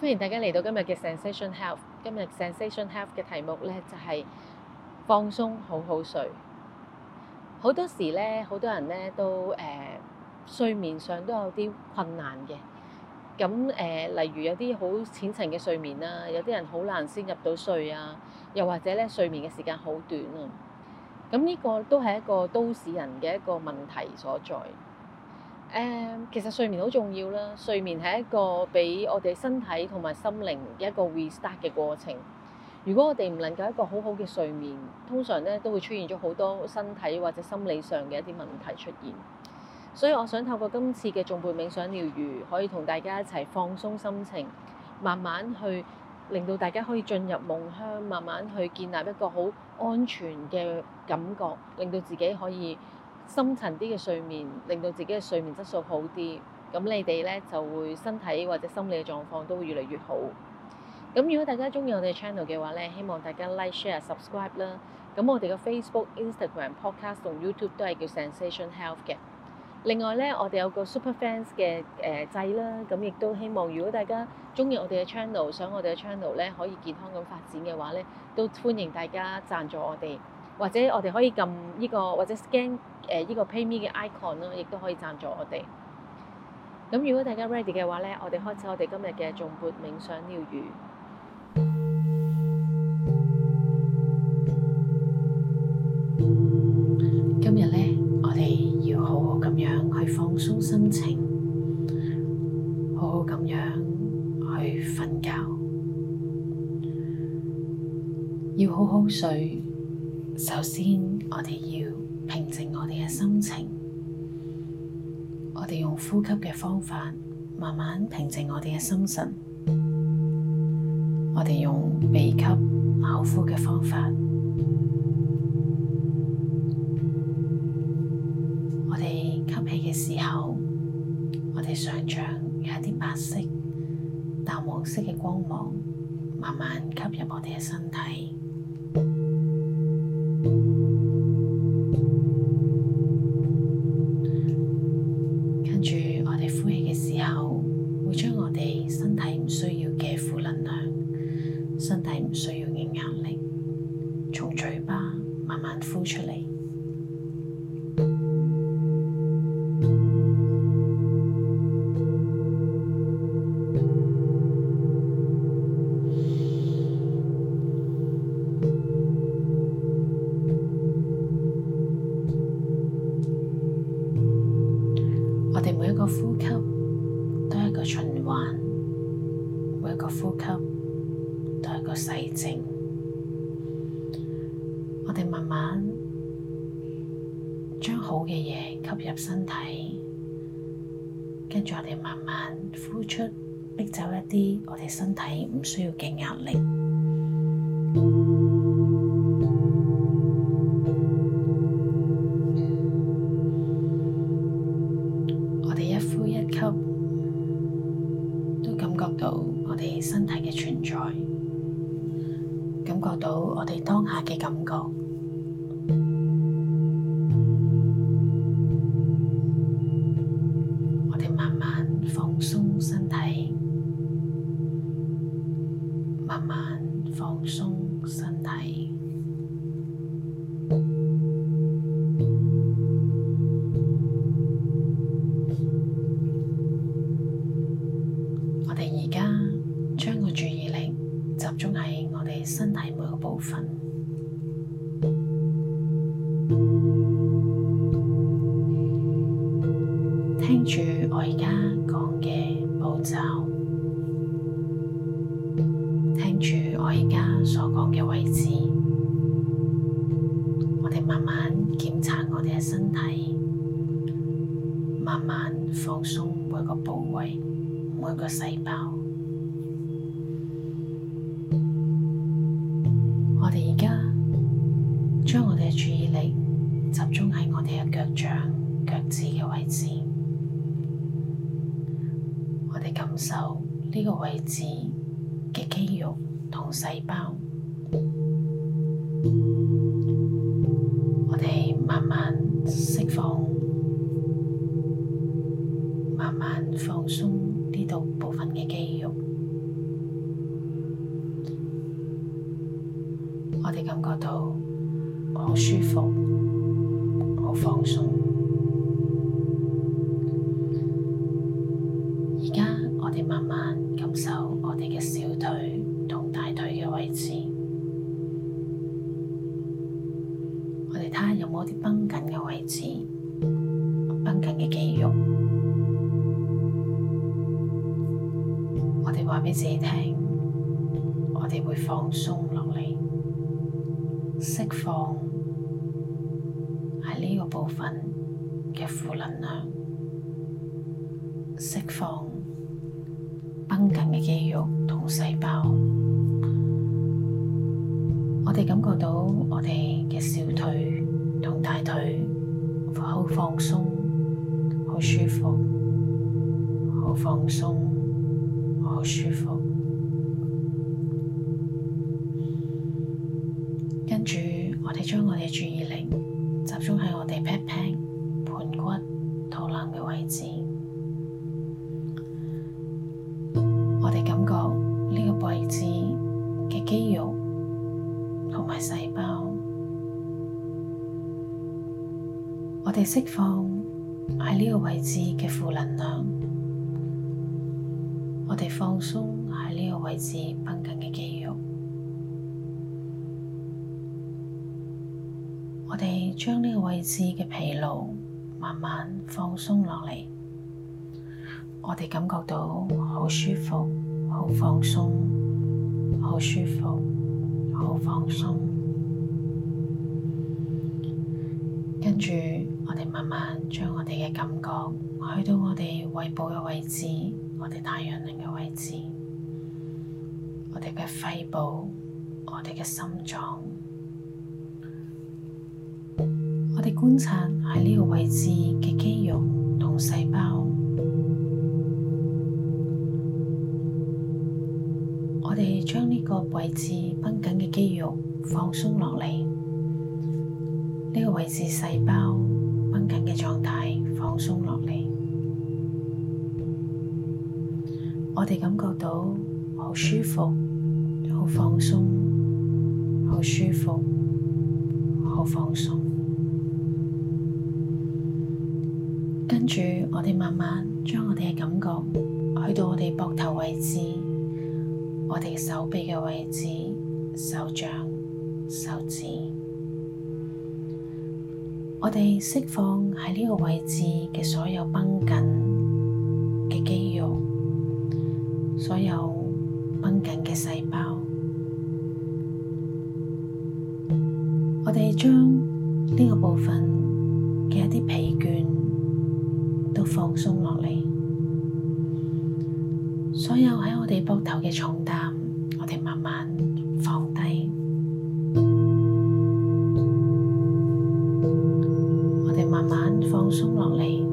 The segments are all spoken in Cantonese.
歡迎大家嚟到今日嘅 Sensation Health。今日 Sensation Health 嘅題目咧就係、是、放鬆好好睡。好多時咧，好多人咧都誒、呃、睡眠上都有啲困難嘅。咁誒、呃，例如有啲好淺層嘅睡眠啦，有啲人好難先入到睡啊，又或者咧睡眠嘅時間好短啊。咁呢個都係一個都市人嘅一個問題所在。誒，其實睡眠好重要啦。睡眠係一個俾我哋身體同埋心靈一個 restart 嘅過程。如果我哋唔能夠一個好好嘅睡眠，通常咧都會出現咗好多身體或者心理上嘅一啲問題出現。所以我想透過今次嘅頌缽冥想療癒，可以同大家一齊放鬆心情，慢慢去令到大家可以進入夢鄉，慢慢去建立一個好安全嘅感覺，令到自己可以，深層啲嘅睡眠，令到自己嘅睡眠質素好啲，咁你哋咧就會身體或者心理嘅狀況都會越嚟越好。咁如果大家中意我哋嘅 channel 嘅話咧，希望大家 like、share、subscribe 啦。咁我哋嘅 Facebook、Instagram、Podcast 同 YouTube 都係叫 Zensation Health 嘅。另外咧，我哋有個 Super Fans 嘅誒掣、呃、啦，咁亦都希望如果大家中意我哋嘅 channel，想我哋嘅 channel 咧可以健康咁發展嘅話咧，都歡迎大家贊助我哋。或者我哋可以撳呢、呢個或者 scan 誒、呃、依、呢個 pay me 嘅 icon 啦，亦都可以贊助我哋。咁如果大家 ready 嘅話咧，我哋開始我哋今日嘅頌缽冥想療癒。今日咧，我哋要好好咁樣去放鬆心情，好好咁樣去瞓覺，要好好睡。首先，我哋要平靜我哋嘅心情。我哋用呼吸嘅方法，慢慢平靜我哋嘅心神。我哋用鼻吸口呼嘅方法。我哋吸氣嘅時候，我哋想像有一啲白色、淡黃色嘅光芒，慢慢吸入我哋嘅身體。付出嚟。呼出，迫走一啲我哋身體唔需要嘅壓力。慢慢放鬆身體。我哋而家將個注意力集中喺我哋身體每個部分，聽住我而家。我哋慢慢檢查我哋嘅身體，慢慢放鬆每個部位、每個細胞。我哋而家將我哋嘅注意力集中喺我哋嘅腳掌、腳趾嘅位置。我哋感受呢個位置嘅肌肉同細胞。我哋慢慢釋放，慢慢放鬆呢度部分嘅肌肉。我哋感覺到好舒服，好放鬆。而家我哋慢慢，位置繃緊嘅肌肉，我哋話畀自己聽，我哋會放鬆落嚟，釋放喺呢個部分嘅負能量，釋放繃緊嘅肌肉同細胞，我哋感覺到我哋。好放鬆，好舒服，好放鬆，好舒服。跟住，我哋將我哋嘅注意。我哋釋放喺呢個位置嘅負能量，我哋放鬆喺呢個位置繃緊嘅肌肉，我哋將呢個位置嘅疲勞慢慢放鬆落嚟，我哋感覺到好舒服，好放鬆，好舒服，好放鬆，跟住。我哋慢慢將我哋嘅感覺去到我哋胃部嘅位置，我哋太陽輪嘅位置，我哋嘅肺部，我哋嘅心臟，我哋觀察喺呢個位置嘅肌肉同細胞，我哋將呢個位置繃緊嘅肌肉放鬆落嚟，呢、這個位置細胞。緊嘅狀態放鬆落嚟，我哋感覺到好舒服，好放鬆，好舒服，好放鬆。跟住我哋慢慢將我哋嘅感覺去到我哋膊頭位置，我哋手臂嘅位置、手掌、手指。我哋釋放喺呢個位置嘅所有繃緊嘅肌肉，所有繃緊嘅細胞，我哋將呢個部分嘅一啲疲倦都放鬆落嚟，所有喺我哋肩膀嘅重擔，我哋慢慢放低。放鬆落嚟，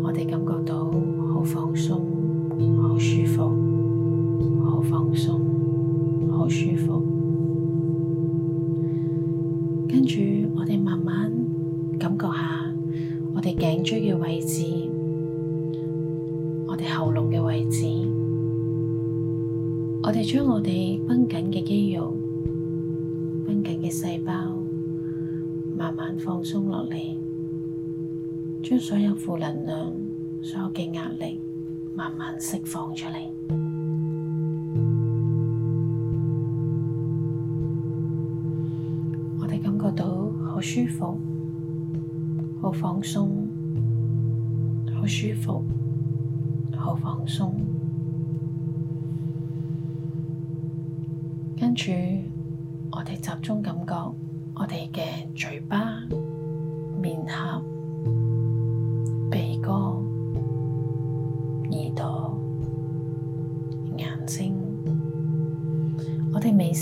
我哋感覺到好放鬆，好舒服，好放鬆，好舒服。跟住我哋慢慢感覺下，我哋頸椎嘅位置，我哋喉嚨嘅位置，我哋將我哋繃緊嘅肌肉、繃緊嘅細胞，慢慢放鬆落嚟。將所有負能量、所有嘅壓力慢慢釋放出嚟，我哋感覺到好舒服、好放鬆、好舒服、好放鬆。跟住，我哋集中感覺我哋嘅嘴巴、面頰。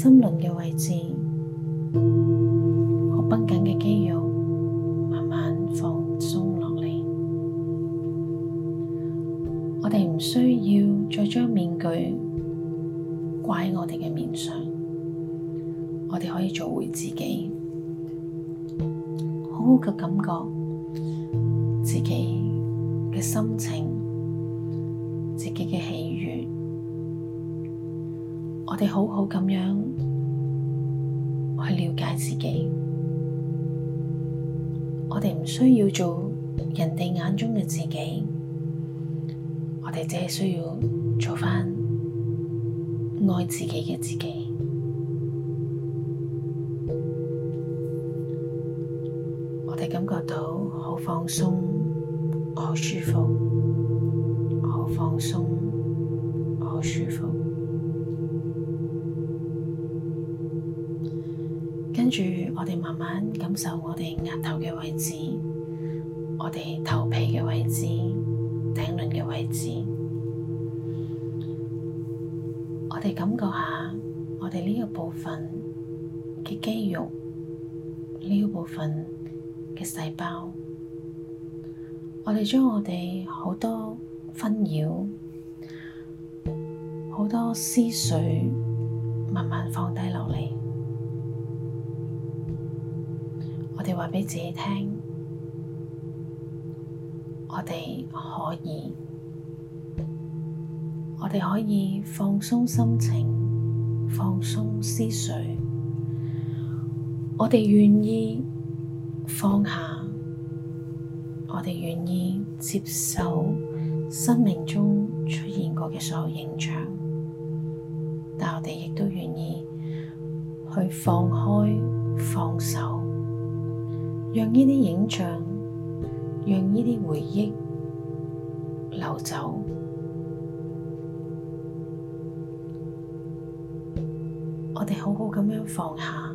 心輪嘅位置，好繃緊嘅肌肉慢慢放鬆落嚟。我哋唔需要再將面具掛喺我哋嘅面上，我哋可以做回自己，好好嘅感覺自己嘅心情，自己嘅氣。我哋好好咁樣去了解自己，我哋唔需要做人哋眼中嘅自己，我哋只係需要做返愛自己嘅自己。我哋感覺到好放鬆，好舒服，好放鬆，好舒服。住，我哋慢慢感受我哋額頭嘅位置，我哋頭皮嘅位置，頂輪嘅位置，我哋感覺下我哋呢個部分嘅肌肉，呢個部分嘅細胞，我哋將我哋好多紛擾、好多思緒慢慢放低落嚟。我哋話畀自己聽，我哋可以，我哋可以放鬆心情，放鬆思緒，我哋願意放下，我哋願意接受生命中出現過嘅所有形象，但我哋亦都願意去放開放手。讓呢啲影像，讓呢啲回憶流走。我哋好好咁樣放下，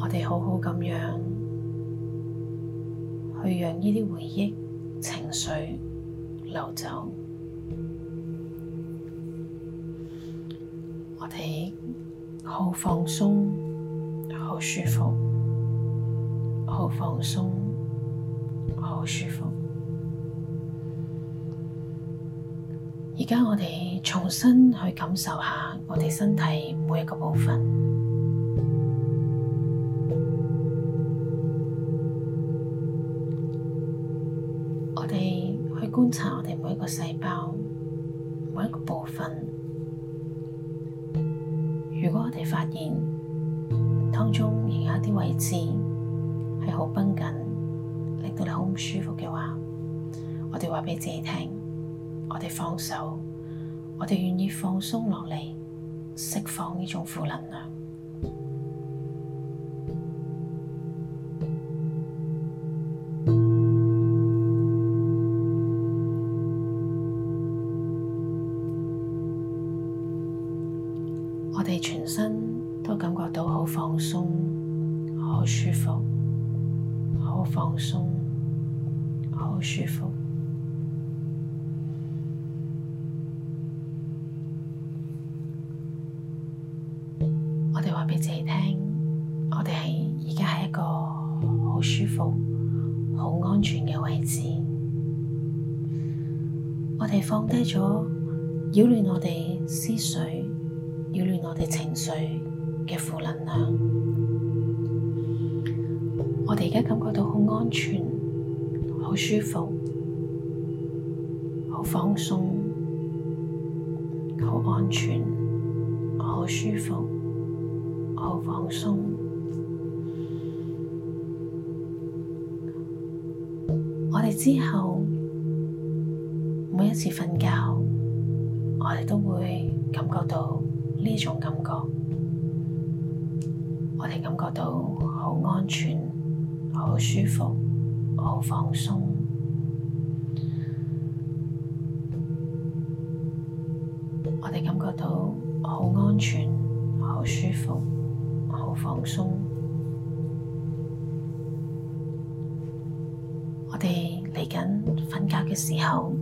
我哋好好咁樣去讓呢啲回憶、情緒流走。我哋好放鬆，好舒服。好放鬆，好舒服。而家我哋重新去感受一下我哋身體每一個部分，我哋去觀察我哋每一個細胞、每一個部分。如果我哋發現當中仍有一啲位置，你好崩緊，令到你好唔舒服嘅話，我哋話畀自己聽，我哋放手，我哋願意放鬆落嚟，釋放呢種負能量。 我哋全身都感覺到好放鬆，好舒服。放鬆，好舒服。我哋話畀自己聽，我哋而家喺一個好舒服、好安全嘅位置。我哋放低咗擾亂我哋思緒、擾亂我哋情緒嘅負能量。我哋而家感覺到好安全，好舒服，好放鬆，好安全，好舒服，好放鬆。我哋之後每一次瞓覺，我哋都會感覺到呢種感覺。我哋感覺到好安全。好舒服，好放鬆。我哋感覺到好安全，好舒服，好放鬆。我哋嚟緊瞓覺嘅時候，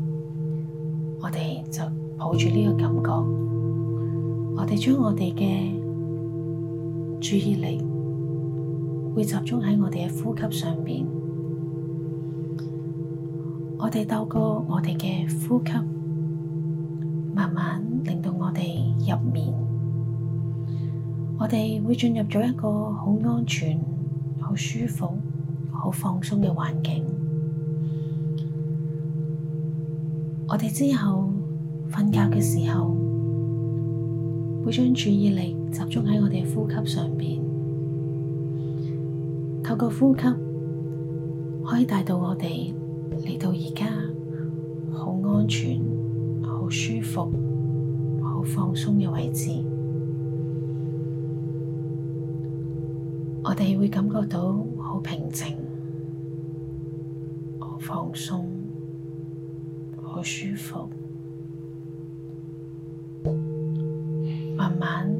我哋就抱住呢個感覺，我哋將我哋嘅注意力。會集中喺我哋嘅呼吸上邊，我哋透過我哋嘅呼吸，慢慢令到我哋入眠。我哋會進入咗一個好安全、好舒服、好放鬆嘅環境。我哋之後瞓覺嘅時候，會將注意力集中喺我哋嘅呼吸上面。有個呼吸可以帶到我哋嚟到而家，好安全、好舒服、好放鬆嘅位置。我哋會感覺到好平靜、好放鬆、好舒服。慢慢，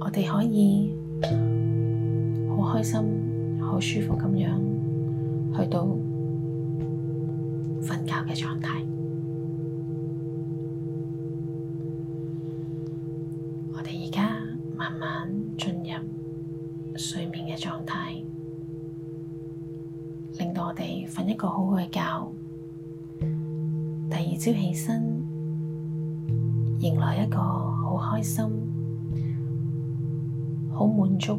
我哋可以。開心、好舒服。噉樣，去到瞓覺嘅狀態，我哋而家慢慢進入睡眠嘅狀態，令到我哋瞓一個好好嘅覺，第二朝起身，迎來一個好開心、好滿足。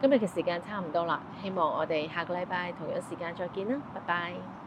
今日嘅時間差唔多啦，希望我哋下個禮拜同一時間再見啦，拜拜。